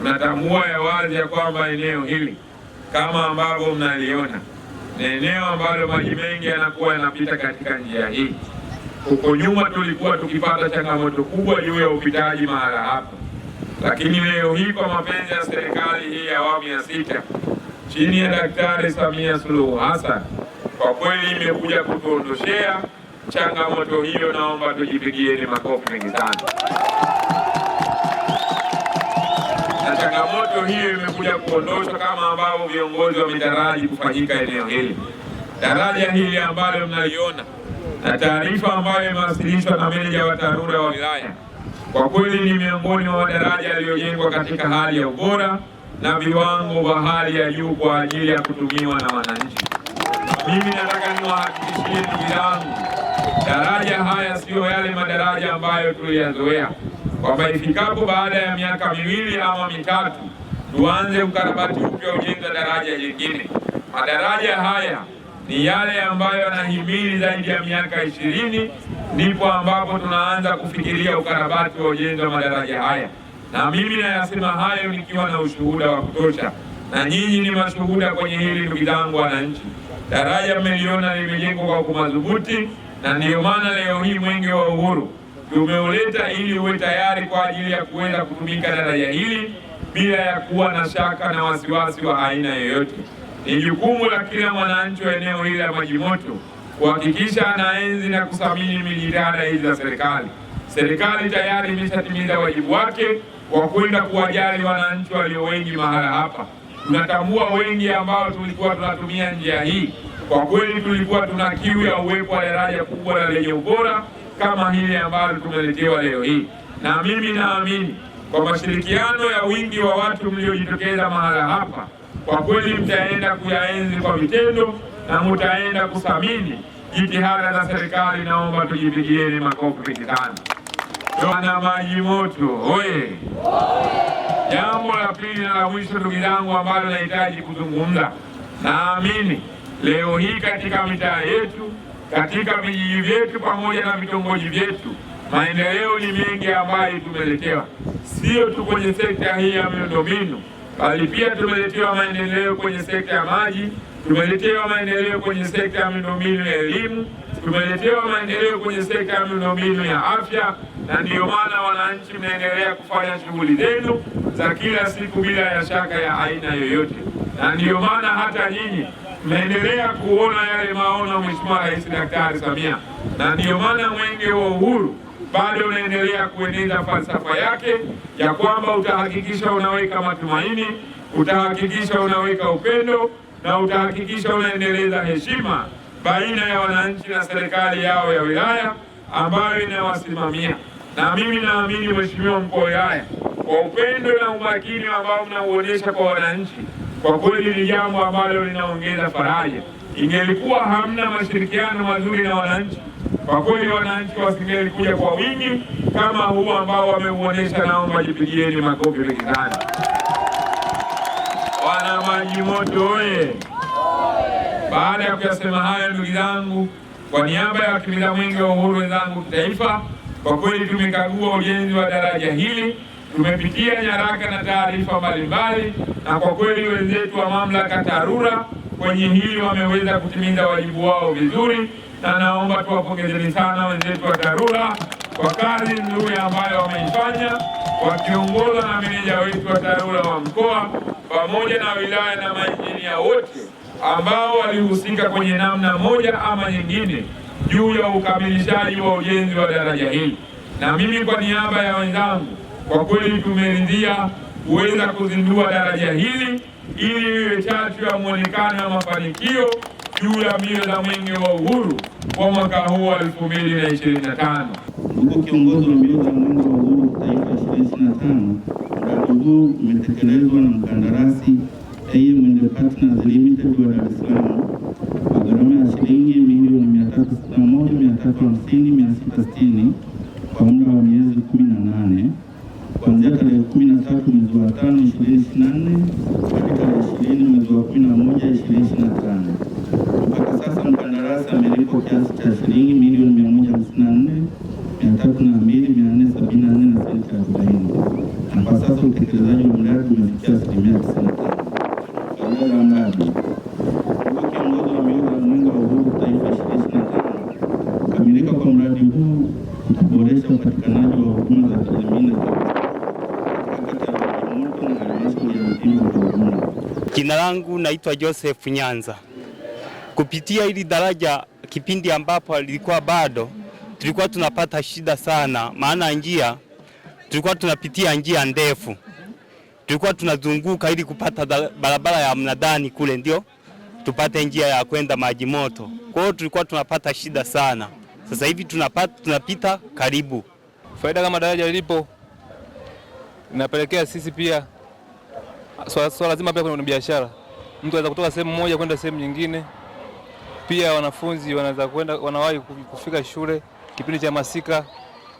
mnatambua ya wazi ya kwamba eneo hili kama ambavyo mnaliona ni eneo ambalo maji mengi yanakuwa yanapita katika njia hii. Huko nyuma tulikuwa tukipata changamoto kubwa juu ya upitaji mahala hapa, lakini leo hii kwa mapenzi ya serikali hii ya awamu ya sita chini ya Daktari Samia Suluhu Hassan kwa kweli imekuja kutuondoshea changamoto hiyo. Naomba tujipigieni makofi mengi sana na changamoto hiyo imekuja kuondoshwa kama ambavyo viongozi wametaraji kufanyika eneo hili. Daraja hili ambalo mnaliona na taarifa ambayo imewasilishwa na meneja wa TARURA wa wilaya, kwa kweli ni miongoni mwa madaraja yaliyojengwa katika hali ya ubora na viwango vya hali ya juu kwa ajili ya kutumiwa na wananchi. Mimi nataka niwahakikishie ndugu zangu, daraja haya siyo yale madaraja ambayo tuliyazoea kwamba ifikapo baada ya miaka miwili ama mitatu tuanze ukarabati upya ujenzi wa daraja jingine. Madaraja haya ni yale ambayo yanahimili zaidi ya miaka ishirini, ndipo ambapo tunaanza kufikiria ukarabati wa ujenzi wa madaraja haya, na mimi nayasema hayo nikiwa na ushuhuda wa kutosha, na nyinyi ni mashuhuda kwenye hili, ndugu zangu wananchi. Daraja mmeliona limejengwa kwa kumadhubuti, na ndiyo maana leo hii mwenge wa uhuru tumeuleta ili uwe tayari kwa ajili ya kuweza kutumika daraja hili bila ya kuwa na shaka na wasiwasi wa aina yoyote. Ni jukumu la kila mwananchi wa eneo hili la maji moto kuhakikisha anaenzi na kuthamini mijitahada hizi za serikali. Serikali tayari imeshatimiza wajibu wake kwa kwenda kuwajali wananchi walio wengi mahala hapa. Tunatambua wengi ambao tulikuwa tunatumia njia hii, kwa kweli tulikuwa tuna kiu ya uwepo wa daraja kubwa na lenye ubora kama hili ambalo tumeletewa leo hii, na mimi naamini kwa mashirikiano ya wingi wa watu mliojitokeza mahala hapa, kwa kweli mtaenda kuyaenzi kwa vitendo na mtaenda kuthamini jitihada za serikali. Naomba tujipigieni makofi kitano. Tuna maji moto oye! Jambo la pili na la mwisho, ndugu zangu, ambalo nahitaji kuzungumza, naamini leo hii katika mitaa yetu katika vijiji vyetu pamoja na vitongoji vyetu. Maendeleo ni mengi ambayo tumeletewa, sio tu kwenye sekta hii ya miundombinu, bali pia tumeletewa maendeleo kwenye sekta ya maji, tumeletewa maendeleo kwenye sekta ya miundombinu ya elimu, tumeletewa maendeleo kwenye sekta ya miundombinu ya afya, na ndiyo maana wananchi mnaendelea kufanya shughuli zenu za kila siku bila ya shaka ya aina yoyote, na ndiyo maana hata nyinyi naendelea kuona yale maono Mheshimiwa Rais Daktari Samia, na ndiyo maana Mwenge wa Uhuru bado unaendelea kuendeleza falsafa yake ya kwamba utahakikisha unaweka matumaini, utahakikisha unaweka upendo na utahakikisha unaendeleza heshima baina ya wananchi na serikali yao ya wilaya ambayo inawasimamia. Na mimi naamini Mheshimiwa mkuu wa wilaya, kwa upendo na umakini ambao mnauonyesha kwa wananchi kwa kweli ni jambo ambalo linaongeza faraja. Ingelikuwa hamna mashirikiano mazuri na wananchi, kwa kweli wananchi wasingelikuja kwa wingi kama huu ambao wameuonyesha. Naomba jipigieni makofi mengi sana. Wana maji moto oye! Baada ya kuyasema haya, ndugu zangu, kwa niaba ya wakimbiza mwenge wa uhuru wenzangu kitaifa kwa kweli tumekagua ujenzi wa daraja hili tumepitia nyaraka na taarifa mbalimbali, na kwa kweli wenzetu wa mamlaka TARURA kwenye hili wameweza kutimiza wajibu wao vizuri, na naomba tuwapongezeni sana wenzetu wa TARURA kwa kazi nzuri ambayo wameifanya wakiongozwa na meneja wetu wa TARURA wa mkoa pamoja na wilaya na mainjinia wote ambao walihusika kwenye namna moja ama nyingine juu ya ukamilishaji wa ujenzi wa daraja hili, na mimi kwa niaba ya wenzangu kwa kweli tumeridhia kuweza kuzindua daraja hili ili iwe chachu ya mwonekano ya mafanikio juu ya mbio za Mwenge wa Uhuru kwa mwaka huu wa 2025. Ndugu kiongozi wa mbio za Mwenge wa Uhuru Taifa 2025, mradi huu umetekelezwa na mkandarasi AM and Partners Limited wa Dar es Salaam kwa gharama ya shilingi milioni 361,350,660 kwa muda wa miezi 18 kuanzia tarehe kumi na tatu mwezi wa tano ishirini na nne hadi tarehe ishirini mwezi wa kumi na moja ishirini na tano. Mpaka sasa mkandarasi amelipwa kiasi cha shilingi milioni mia moja hamsini na nne mia tatu na mbili mia nne sabini na nne na senti arobaini na kwa sasa utekelezaji wa mradi umefikia asilimia tisini na tano. Faida za mradi kiongozi wa mbio za mwenge wa uhuru taifa ishirini na tano, kukamilika kwa mradi huu kuboresha upatikanaji wa huduma za kijamii na Jina langu naitwa Joseph Nyanza. Kupitia hili daraja, kipindi ambapo lilikuwa bado, tulikuwa tunapata shida sana, maana njia tulikuwa tunapitia njia ndefu, tulikuwa tunazunguka ili kupata barabara ya mnadani kule, ndio tupate njia ya kwenda maji moto. Kwa hiyo tulikuwa tunapata shida sana. Sasa hivi tunapata, tunapita karibu. Faida kama daraja lipo, inapelekea sisi pia swala so, so lazima pia kuna biashara mtu anaweza kutoka sehemu moja kwenda sehemu nyingine. Pia wanafunzi wanaweza kwenda, wanawahi kufika shule kipindi cha masika.